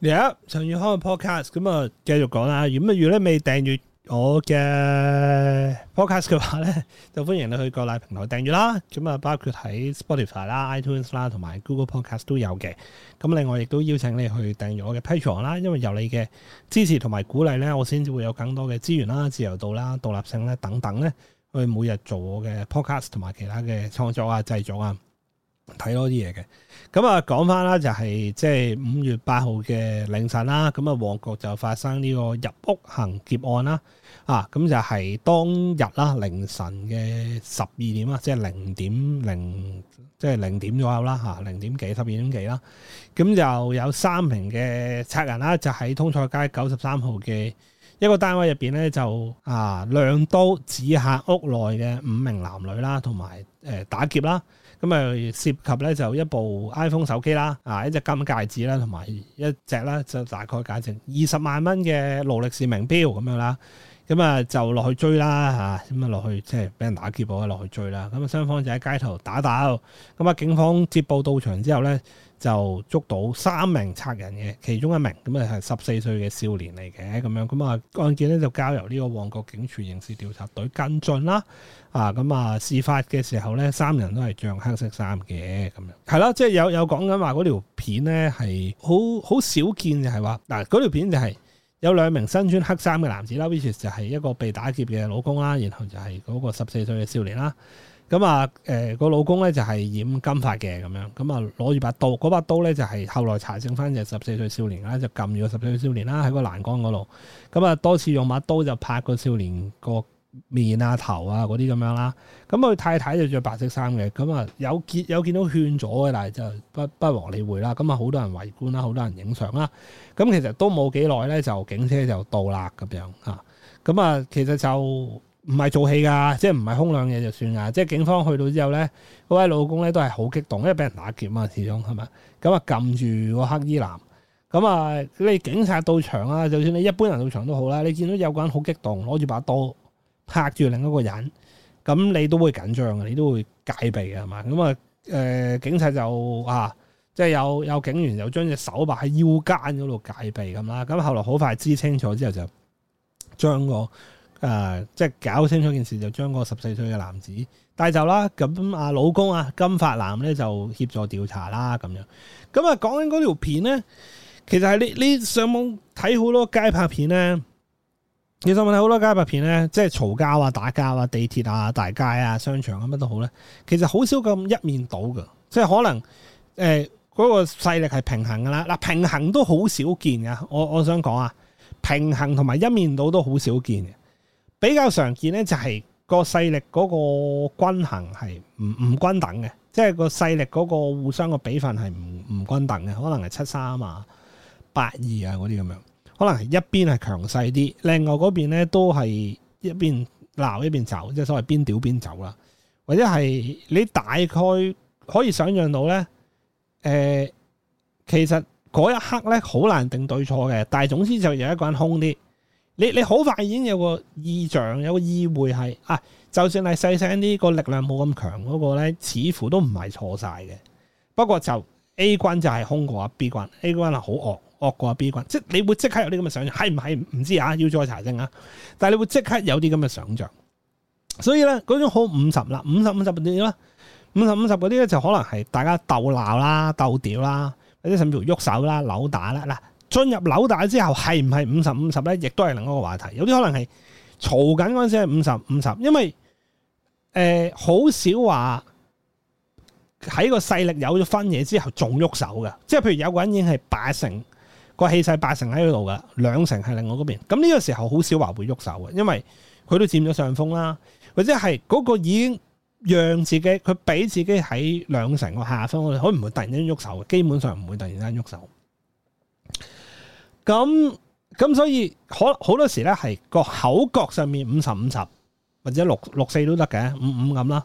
你陳宇康嘅 podcast，咁啊，繼續講啦。如果如果你未訂閱我嘅 podcast 嘅話咧，就歡迎你去各大平台訂閱啦。咁啊，包括喺 Spotify 啦、iTunes 啦，同埋 Google Podcast 都有嘅。咁另外亦都邀請你去訂閱我嘅 patreon 啦。因為有你嘅支持同埋鼓勵咧，我先至會有更多嘅資源啦、自由度啦、獨立性啦等等咧，去每日做我嘅 podcast 同埋其他嘅創作啊、製作啊。睇多啲嘢嘅，咁啊講翻啦，就係即係五月八號嘅凌晨啦，咁啊旺角就發生呢個入屋行劫案啦，啊咁就係、是、當日啦凌晨嘅十二點啦，即係零點零即係零點左右啦，吓零點幾十二點幾啦，咁就有三名嘅賊人啦，就喺、是、通菜街九十三號嘅。一個單位入邊咧就啊，亮刀指下屋內嘅五名男女啦，同埋、呃、打劫啦，咁啊涉及咧就一部 iPhone 手機啦，啊一隻金戒指啦，同埋一隻啦，就大概價值二十萬蚊嘅勞力士名錶咁樣啦。咁啊，就落去追啦，吓，咁啊，落去即係俾人打劫，部落去追啦。咁啊，雙方就喺街頭打鬥。咁啊，警方接報到場之後咧，就捉到三名賊人嘅，其中一名咁啊係十四歲嘅少年嚟嘅，咁樣。咁啊，案件咧就交由呢個旺角警署刑事調查隊跟進啦。啊，咁啊，事發嘅時候咧，三人都係着黑色衫嘅，咁樣。係啦，即係、就是、有有講緊話嗰條片咧係好好少見，就係話嗱嗰條片就係、是。有兩名身穿黑衫嘅男子啦，Victor 就係、是、一個被打劫嘅老公啦，然後就係嗰個十四歲嘅少年啦。咁啊，誒、呃、個老公咧就係、是、染金髮嘅咁樣，咁啊攞住把刀，嗰把刀咧就係、是、後來查證翻係十四歲少年啦，就撳住個十四歲少年啦喺個欄杆嗰度，咁啊多次用把刀就拍個少年個面啊、頭啊嗰啲咁樣啦，咁佢太太就着白色衫嘅，咁啊有見有見到勸阻嘅，但係就不不和理會啦。咁啊，好多人圍觀啦，好多人影相啦。咁其實都冇幾耐咧，就警車就到啦咁樣吓。咁啊，其實就唔係做戲㗎，即係唔係空兩嘢就算㗎。即係警方去到之後咧，嗰位老公咧都係好激動，因為俾人打劫啊，始終係咪？咁啊撳住個黑衣男，咁啊你警察到場啊，就算你一般人到場都好啦。你見到有個人好激動，攞住把刀，拍住另一個人，咁你都會緊張嘅，你都會戒備嘅，係嘛？咁啊，誒，警察就啊，即係有有警員就將隻手擺喺腰間嗰度戒備咁啦。咁後來好快知清楚之後，就將個誒，即係搞清楚件事，就將個十四歲嘅男子帶走啦。咁啊，老公啊，金髮男咧就協助調查啦，咁樣。咁啊，講緊嗰條片咧，其實係你你上網睇好多街拍片咧。其實問題好多街拍片咧，即係嘈交啊、打交啊、地鐵啊、大街啊、商場啊乜都好咧。其實好少咁一面倒㗎，即係可能誒嗰個勢力係平衡噶啦。嗱，平衡都好少見㗎。我我想講啊，平衡同埋一面倒都好少見嘅。比較常見咧就係個勢力嗰個均衡係唔唔均等嘅，即係個勢力嗰個互相個比分係唔唔均等嘅，可能係七三啊、八二啊嗰啲咁樣。可能一邊係強勢啲，另外嗰邊咧都係一邊鬧一邊走，即係所謂邊屌邊走啦。或者係你大概可以想象到咧，呃，其實嗰一刻咧好難定對錯嘅，但係總之就有一個人空啲。你你好快已經有個意象，有個意會係啊，就算係細聲啲，個力量冇咁強嗰、那個咧，似乎都唔係錯晒嘅。不過就 A 關就係空過啊，B 關 A 關係好惡。惡過阿 B 君，即係你會即刻有啲咁嘅想象，係唔係唔知啊？要再查證啊！但係你會即刻有啲咁嘅想象，所以咧嗰種好五十啦，五十五十唔知咯，五十五十嗰啲咧就可能係大家鬥鬧啦、鬥屌啦，有啲甚至乎喐手啦、扭打啦。嗱，進入扭打之後係唔係五十五十咧？亦都係另一個話題。有啲可能係嘈緊嗰陣時係五十五十，因為誒好少話喺個勢力有咗分野之後仲喐手嘅，即係譬如有個人已經係八成。個氣勢八成喺度㗎，兩成係另外嗰邊。咁呢個時候好少話會喐手嘅，因為佢都佔咗上風啦，或者係嗰個已經讓自己，佢俾自己喺兩成個下風，佢唔會突然間喐手嘅，基本上唔會突然間喐手。咁咁所以可好，好多時咧係個口角上面五十五十或者六六四都得嘅，五五咁啦。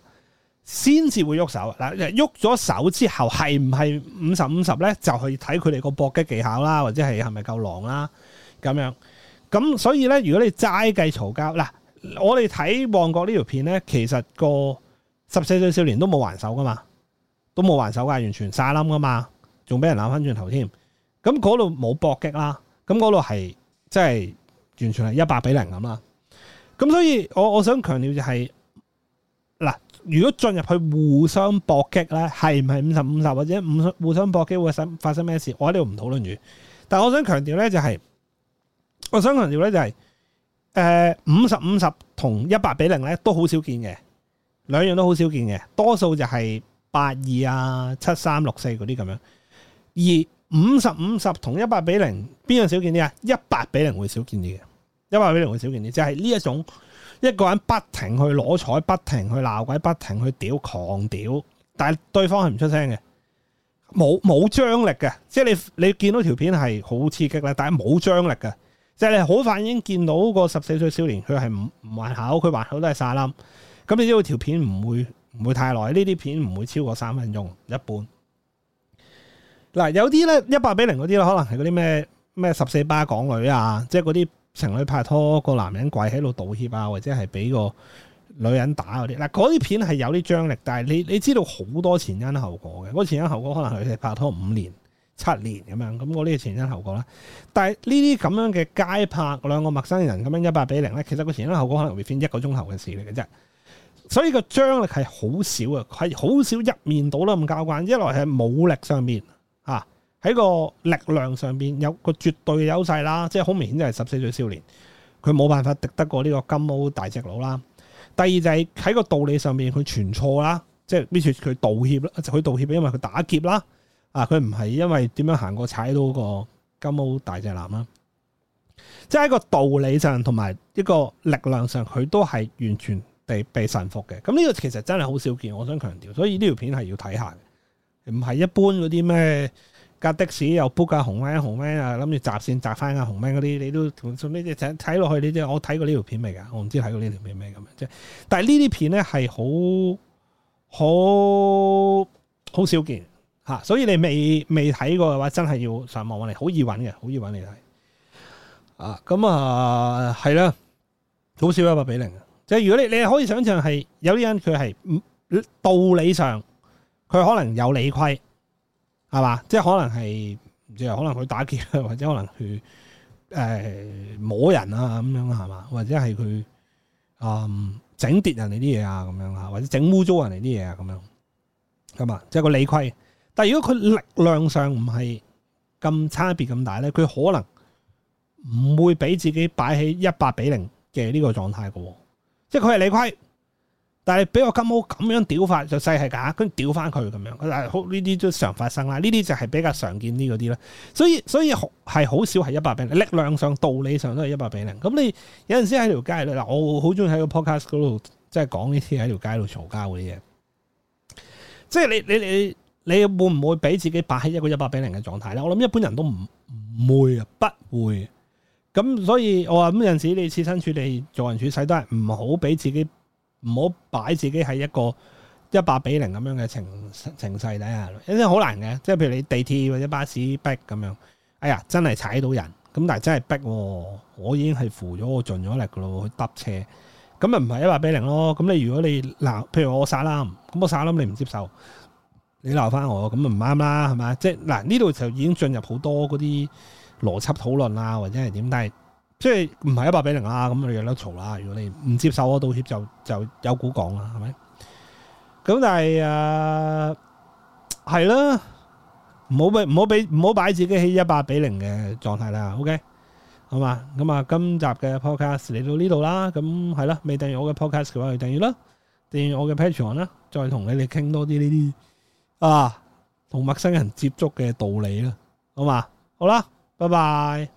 先至會喐手嗱，喐咗手之後係唔係五十五十咧？就去睇佢哋個搏擊技巧啦，或者係係咪夠狼啦？咁樣咁，所以咧，如果你齋計嘈交嗱，我哋睇旺角呢條片咧，其實個十四歲少年都冇還手噶嘛，都冇還手噶，完全沙冧噶嘛，仲俾人攬翻轉頭添。咁嗰度冇搏擊啦，咁嗰度係即係完全係一百比零咁啦。咁所以我我想強調就係。如果進入去互相搏擊咧，係唔係五十五十或者五十互相搏擊會生發生咩事？我喺呢度唔討論住。但係我想強調咧，就係我想強調咧，就係誒五十五十同一百比零咧，都好少見嘅，兩樣都好少見嘅，多數就係八二啊、七三六四嗰啲咁樣。而五十五十同一百比零邊樣少見啲啊？一百比零會少見啲嘅，一百比零會少見啲，就係、是、呢一種。一個人不停去攞彩，不停去鬧鬼，不停去屌狂屌，但係對方係唔出聲嘅，冇冇張力嘅。即係你你見到條片係好刺激咧，但係冇張力嘅。即係你好快已經見到個十四歲少年，佢係唔唔還口，佢還口都係晒冷。咁你知道條片唔會唔會太耐，呢啲片唔會超過三分鐘，一般。嗱，有啲咧一百比零嗰啲，可能係嗰啲咩咩十四巴港女啊，即係嗰啲，情侶拍拖個男人跪喺度道歉啊，或者係俾個女人打嗰啲，嗱，嗰啲片係有啲張力，但係你你知道好多前因後果嘅，嗰、那個、前因後果可能佢哋拍拖五年、七年咁樣，咁嗰啲前因後果啦。但係呢啲咁樣嘅街拍，兩個陌生人咁樣一百比零咧，其實個前因後果可能會變一個鐘頭嘅事嚟嘅啫，所以個張力係好少啊，係好少，一面倒啦，咁交關，一來係武力上面。喺個力量上邊有個絕對嘅優勢啦，即係好明顯，就係十四歲少年，佢冇辦法敵得過呢個金毛大隻佬啦。第二就係喺個道理上面，佢全錯啦，即係呢次佢道歉啦，佢道歉，佢道歉因為佢打劫啦。啊，佢唔係因為點樣行過踩到個金毛大隻男啦。即係喺個道理上同埋一個力量上，佢都係完全地被臣服嘅。咁呢個其實真係好少見，我想強調，所以呢條片係要睇下嘅，唔係一般嗰啲咩。架的士又 book 架紅 van 紅 van 啊，諗住集線集翻架紅 van 嗰啲，你都呢啲睇睇落去，呢啲我睇過呢條片未噶？我唔知睇過呢條片咩咁樣。即係，但係呢啲片咧係好好好少見吓，所以你未未睇過嘅話，真係要上網搵嚟，好易揾嘅，好易揾嚟睇。啊，咁、嗯、啊，係啦，好少一百比零啊。即係如果你你可以想象係有啲人佢係道理上佢可能有理虧。係嘛，即係可能係唔知可能佢打劫，或者可能佢誒摸人啊咁樣，係嘛，或者係佢嗯整跌人哋啲嘢啊咁樣啊，或者整污糟人哋啲嘢啊咁樣，咁啊，是即係個理虧。但係如果佢力量上唔係咁差別咁大咧，佢可能唔會俾自己擺喺一百比零嘅呢個狀態嘅，即係佢係理虧。但係俾個金毛咁樣屌法就細係假。跟屌翻佢咁樣，好呢啲都常發生啦。呢啲就係比較常見啲嗰啲啦。所以所以係好少係一百比零，力量上、道理上都係一百比零。咁你有陣時喺條街度，嗱，我好中意喺個 podcast 嗰度即係講呢啲喺條街度嘈交嗰啲嘢。即係你你你你會唔會俾自己擺喺一個一百比零嘅狀態咧？我諗一般人都唔唔會啊，不會。咁所以我話有陣時你設身處地做人處世都係唔好俾自己。唔好擺自己喺一個一百比零咁樣嘅情情勢底下，有啲好難嘅，即係譬如你地鐵或者巴士逼咁樣，哎呀，真係踩到人，咁但係真係逼，哦，我已經係負咗我盡咗力噶咯，去搭車，咁啊唔係一百比零咯，咁你如果你嗱，譬如我耍啦，咁我耍冧你唔接受，你鬧翻我，咁啊唔啱啦，係咪？即係嗱，呢度就已經進入好多嗰啲邏輯討論啊，或者係點，但係。即係唔係一百比零啊？咁你有得嘈啦！如果你唔接受我道歉，就就有股講啦，係咪？咁但係誒，係啦，唔好俾唔好俾唔好擺自己喺一百比零嘅狀態啦。OK，好嘛？咁啊，今集嘅 podcast 嚟到呢度啦。咁係啦，未訂閱我嘅 podcast 嘅話，就訂閱啦。訂閱我嘅 Patreon 啦，再同你哋傾多啲呢啲啊，同陌生人接觸嘅道理啦。好嘛，好啦，拜拜。